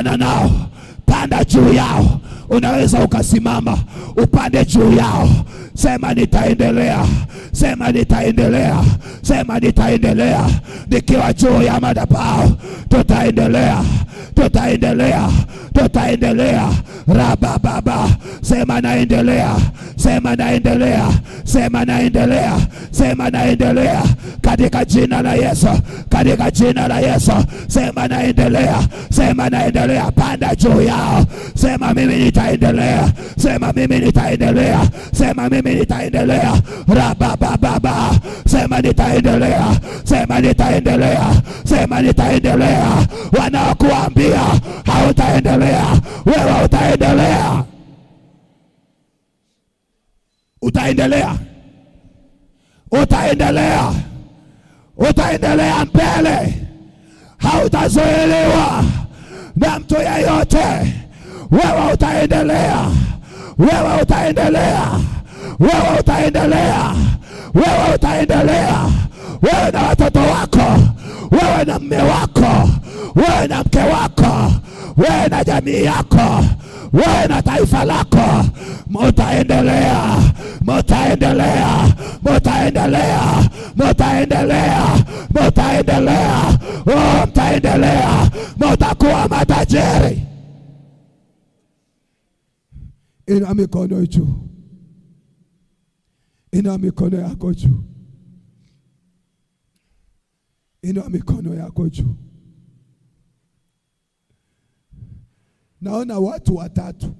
Pishana nao, panda juu yao. Unaweza ukasimama upande juu yao, sema nitaendelea, sema nitaendelea, sema nitaendelea, nikiwa juu ya madhabahu tutaendelea, tutaendelea, tutaendelea. Raba baba, sema naendelea, sema naendelea, sema naendelea, sema naendelea katika jina la Yesu, katika jina la Yesu. Sema naendelea, sema naendelea, panda juu yao. Sema mimi nitaendelea, sema mimi nitaendelea, sema mimi nitaendelea, raba baba, sema nitaendelea, sema nitaendelea, sema nitaendelea. Wanaokuambia hautaendelea, wewe utaendelea, utaendelea utaendelea utaendelea mbele, hautazuiliwa na mtu yeyote. Wewe utaendelea, wewe utaendelea, wewe utaendelea, wewe utaendelea, wewe na watoto wako, wewe na mme wako, wewe na mke wako, wewe na jamii yako, wewe na taifa lako, mutaendelea, mutaendelea, mutaendelea mtaendelea, mtaendelea, oh, mtaendelea, mtakuwa matajiri. Ina mikono juu, ina mikono yako juu, ina mikono yako juu. Naona watu watatu,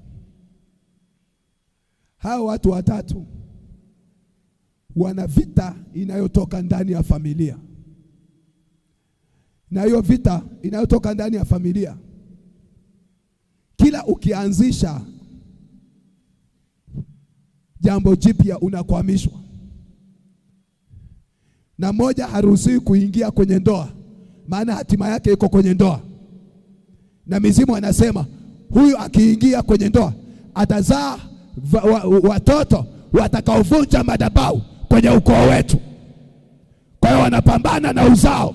hao watu watatu wana vita inayotoka ndani ya familia, na hiyo vita inayotoka ndani ya familia kila ukianzisha jambo jipya unakwamishwa, na mmoja haruhusiwi kuingia kwenye ndoa, maana hatima yake iko kwenye ndoa. Na mizimu anasema huyu akiingia kwenye ndoa atazaa watoto watakaovunja madhabahu kwenye ukoo wetu. Kwa hiyo wanapambana na uzao.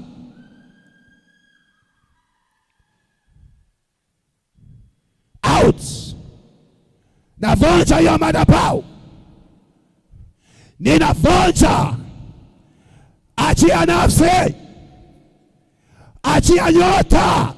Out, navunja hiyo madhabahu, ninavunja. Achia nafsi, achia nyota